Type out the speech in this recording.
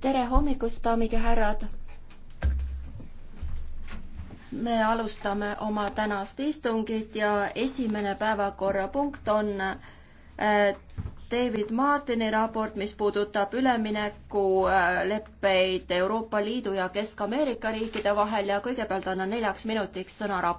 tere hommikust, daamid ja härrad! me alustame oma tänast istungit ja esimene päevakorrapunkt on äh, David Martini raport, mis puudutab üleminekuleppeid äh, Euroopa Liidu ja Kesk-Ameerika riikide vahel ja kõigepealt annan neljaks minutiks sõna raportöörile.